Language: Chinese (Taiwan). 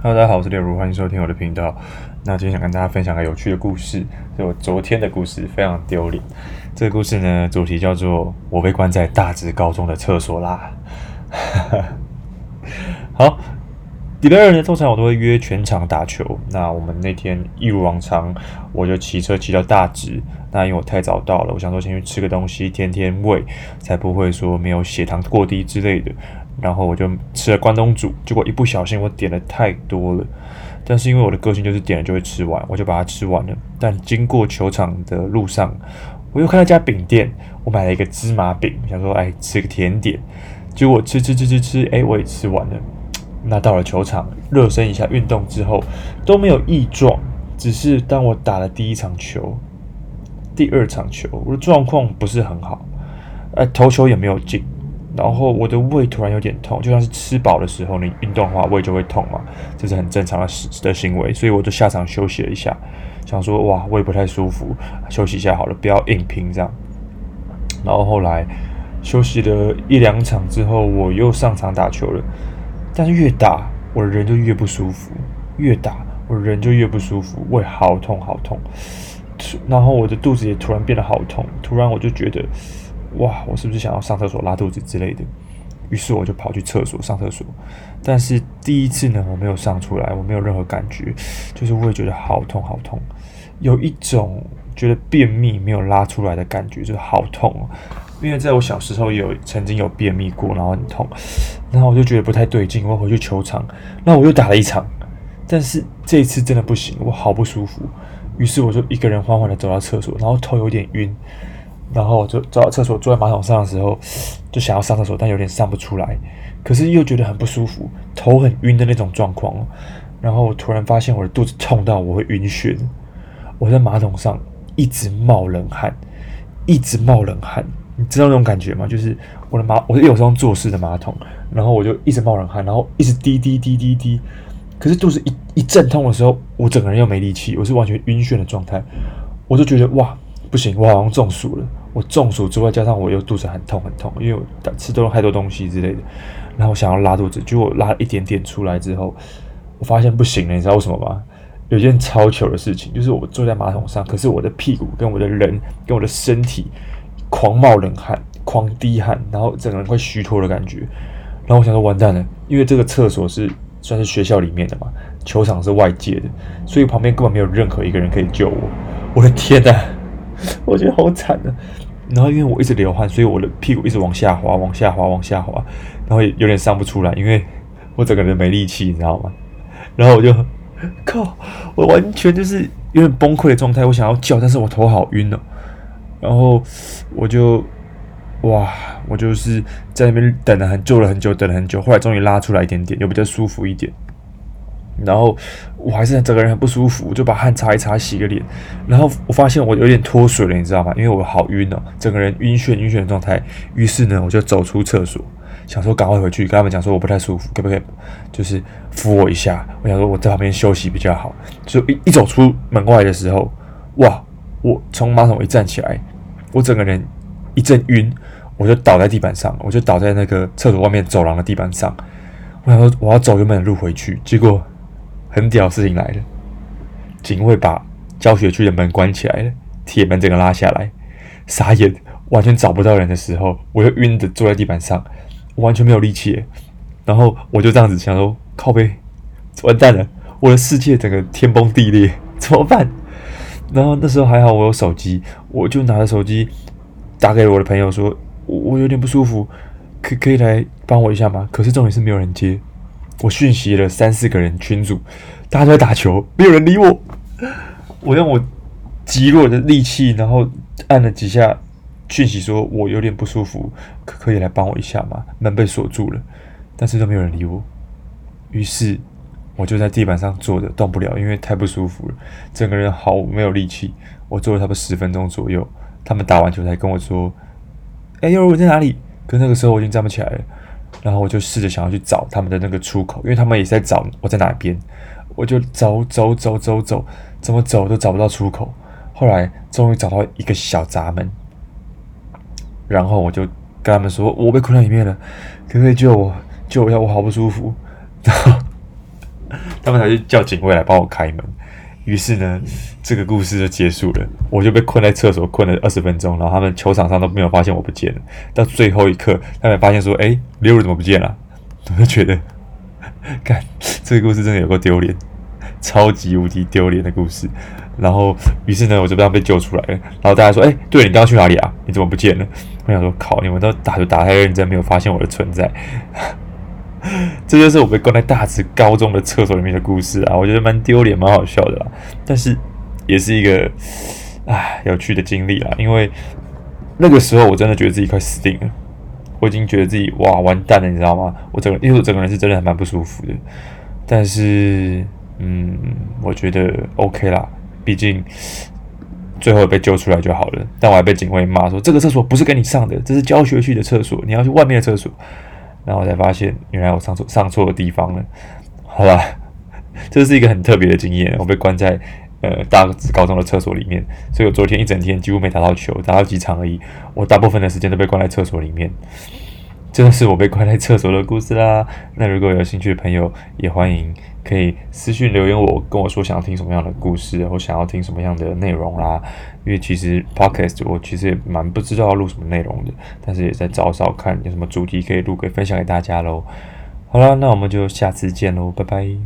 Hello，大家好，我是劉如，歡迎收聽我的頻道。那今天想跟大家分享一個有趣的故事，就我昨天的故事，非常丟臉。這個故事呢，主題叫做“我被關在大直高中的廁所啦”。 好，禮拜二呢，通常我都會約全場打球。那我們那天一如往常，我就騎車騎到大直。那因為我太早到了，我想說先去吃個東西，填填胃，才不會說沒有血糖過低之類的。然後我就吃了關東煮，結果一不小心我點了太多了，但是因為我的個性就是點了就會吃完，我就把它吃完了。但經過球場的路上，我又看到一家餅店，我買了一個芝麻餅，想說哎，吃個甜點，結果吃吃吃吃吃，哎，我也吃完了。那到了球場，熱身一下運動之後都沒有異狀，只是當我打了第一場球，第二場球，我的狀況不是很好，呃，投球也沒有進。然後我的胃突然有點痛，就像是吃飽的時候你運動的話胃就會痛嘛，這是很正常的的的行為，所以我就下場休息了一下，想說哇，胃不太舒服，休息一下好了，不要硬拼這樣。然後後來休息了一兩場之後，我又上場打球了，但是越打我的人就越不舒服，越打我的人就越不舒服，胃好痛好痛，然後我的肚子也突然變得好痛，突然我就覺得。哇！我是不是想要上廁所拉肚子之類的？於是我就跑去廁所上廁所，但是第一次呢，我沒有上出來，我沒有任何感覺，就是我也覺得好痛好痛，有一種覺得便秘沒有拉出來的感覺，就是好痛，因為在我小時候也有曾經有便秘過，然後很痛，然後我就覺得不太對勁，我回去球場，那我又打了一場，但是這一次真的不行，我好不舒服，於是我就一個人緩緩地走到廁所，然後頭有點暈。然後我就找到廁所，坐在馬桶上的時候，就想要上廁所，但有點上不出來，可是又覺得很不舒服，頭很暈的那種狀況。然後我突然發現我的肚子痛到我會暈眩，我在馬桶上一直冒冷汗，一直冒冷汗，你知道那種感覺嗎？就是我的馬，我是有坐式的馬桶，然後我就一直冒冷汗，然後一直滴滴滴滴滴。可是肚子一一陣痛的時候，我整個人又沒力氣，我是完全暈眩的狀態，我就覺得哇。不行，我好像中暑了。我中暑之外，加上我又肚子很痛很痛，因為我吃多了太多東西之類的。然後我想要拉肚子，結果拉了一點點出來之後，我發現不行了。你知道為什麼嗎？有件超糗的事情，就是我坐在馬桶上，可是我的屁股跟我的人跟我的身體狂冒冷汗，狂滴汗，然後整個人快虛脫的感覺。然後我想說完蛋了，因為這個廁所是算是學校裡面的嘛，球場是外界的，所以旁邊根本沒有任何一個人可以救我。我的天吶！我覺得好慘啊！然後因為我一直流汗，所以我的屁股一直往下滑，往下滑，往下滑，然後也有點上不出來，因為我整個人沒力氣，你知道嗎？然後我就靠，我完全就是有點崩潰的狀態。我想要叫，但是我頭好暈哦。然後我就哇，我就是在那邊等了很久了很久了，等了很久，後來終於拉出來一點點，又比較舒服一點。然後我還是整個人很不舒服，就把汗擦一擦，洗個臉。然後我發現我有點脫水了，你知道嗎？因為我好暈哦，整個人暈眩暈眩的狀態。於是呢，我就走出廁所，想說趕快回去跟他們講說我不太舒服，可不可以就是扶我一下？我想說我在旁邊休息比較好。就一一走出門外的時候，哇！我從馬桶一站起來，我整個人一陣暈，我就倒在地板上，我就倒在那個廁所外面走廊的地板上。我想說我要走原本的路回去，結果。很屌的事情來了，警衛把教學區的門關起來了，鐵門整個拉下來，傻眼，完全找不到人的時候，我又暈的坐在地板上，我完全沒有力氣，然後我就這樣子想說，靠北，完蛋了，我的世界整個天崩地裂，怎麼辦？然後那時候還好我有手機，我就拿着手機打給我的朋友說，我，我有點不舒服，可可以來幫我一下嗎？可是重點是沒有人接。我訊息了三四個人群組，大家都在打球，沒有人理我。我用我極弱的力氣，然後按了幾下訊息，說我有點不舒服，可可以來幫我一下嗎？門被鎖住了，但是都沒有人理我。於是我就在地板上坐着，動不了，因為太不舒服了，整個人毫無沒有力氣。我坐了差不多十分鐘左右，他們打完球才跟我說：“哎呦，我在哪裡？”可那個時候我已經站不起來了。然後我就試着想要去找他們的那個出口，因為他們也在找我在哪邊。我就走走走走走，怎麼走都找不到出口。後來終於找到一個小閘門，然後我就跟他們說：“我被困在裡面了，可不可以救我？救我一下，我好不舒服。”然後他們才去叫警衛來幫我開門。於是呢，這個故事就結束了。我就被困在廁所，困了二十分鐘。然後他們球場上都沒有發現我不見了。到最後一刻，他們發現說：“誒，Leo 怎麼不見了啊？”我就覺得，看這個故事真的有夠丟臉，超級無敵丟臉的故事。然後，於是呢，我就這樣被救出來了。然後大家說：“誒，對，你剛剛去哪裡啊？你怎麼不見了？”我想說：“靠，你們都打都打太認真，沒有發現我的存在。”這就是我被關在大直高中的廁所裡面的故事啊！我覺得蠻丟臉，蠻好笑的啦，但是也是一個啊有趣的經歷啦。因為那個時候我真的覺得自己快死定了，我已經覺得自己哇完蛋了，你知道嗎？我整個，因為我整個人是真的還蠻不舒服的。但是，嗯，我覺得 OK 啦，畢竟最後被救出來就好了。但我還被警衛罵說：“這個廁所不是給你上的，這是教學區的廁所，你要去外面的廁所。”然後我才發現，原來我上錯上錯的地方了。好吧，這是一個很特別的經驗。我被關在呃大直高中的廁所裡面，所以我昨天一整天幾乎沒打到球，打到幾場而已。我大部分的時間都被關在廁所裡面。真的是我被關在廁所的故事啦！那如果有興趣的朋友，也歡迎可以私信留言我，跟我說想要聽什麼樣的故事，然後想要聽什麼樣的內容啦。因為其實 podcast 我其實也蠻不知道要錄什麼內容的，但是也在找找看有什麼主題可以錄，可以分享給大家嘍。好啦，那我們就下次見嘍，拜拜。